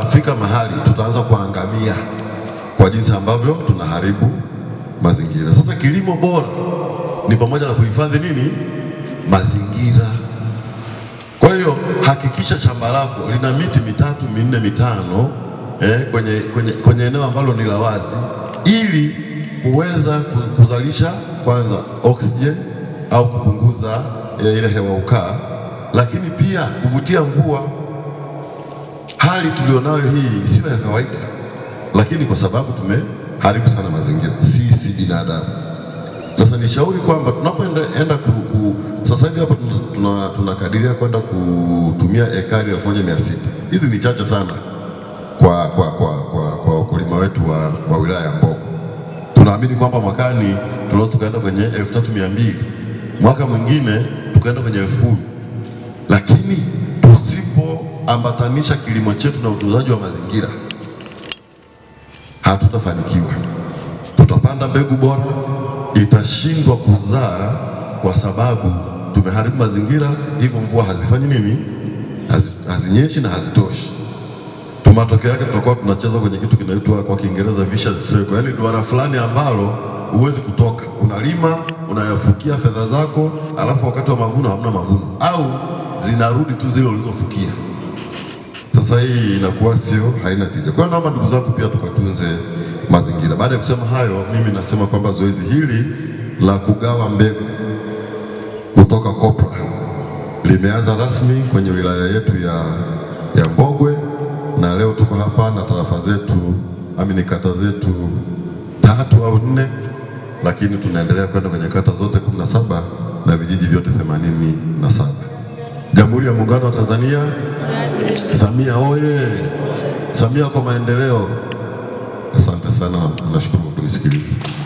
Afika mahali tutaanza kuangamia kwa jinsi ambavyo tunaharibu mazingira. Sasa kilimo bora ni pamoja na kuhifadhi nini? Mazingira. Kwa hiyo hakikisha shamba lako lina miti mitatu minne mitano eh, kwenye, kwenye, kwenye eneo ambalo ni la wazi ili kuweza kuzalisha kwanza oxygen au kupunguza eh, ile hewa ukaa, lakini pia kuvutia mvua. Hali tulionayo hii sio ya kawaida, lakini kwa sababu tumeharibu sana mazingira sisi binadamu. Sasa nishauri kwamba tunapoenda ku, ku, sasa hivi hapa tunakadiria tuna, kwenda kutumia ekari 1600 hizi ni chache sana kwa kwa kwa kwa, kwa wakulima wetu wa, wa wilaya ya mboko Tunaamini kwamba mwakani tunaweza tukaenda kwenye 3200 mwaka mwingine tukaenda kwenye elfu kumi lakini ambatanisha kilimo chetu na utunzaji wa mazingira, hatutafanikiwa. Tutapanda mbegu bora, itashindwa kuzaa kwa sababu tumeharibu mazingira, hivyo mvua hazifanyi nini, hazinyeshi na hazitoshi. Matokeo yake tutakuwa tunacheza kwenye kitu kinaitwa kwa Kiingereza vicious circle, yaani duara fulani ambalo huwezi kutoka. Unalima, unayafukia fedha zako, alafu wakati wa mavuno hamna mavuno, au zinarudi tu zile ulizofukia sasa hii inakuwa sio haina tija. Kwa hiyo naomba ndugu zangu pia tukatunze mazingira. Baada ya kusema hayo, mimi nasema kwamba zoezi hili la kugawa mbegu kutoka kopra limeanza rasmi kwenye wilaya yetu ya, ya Mbogwe na leo tuko hapa na tarafa zetu amini kata zetu tatu au nne, lakini tunaendelea kwenda kwenye kata zote 17 na vijiji vyote 87. Jamhuri ya Muungano wa Tanzania. Samia oye! Samia kwa maendeleo. Asante sana, nashukuru kunisikiliza.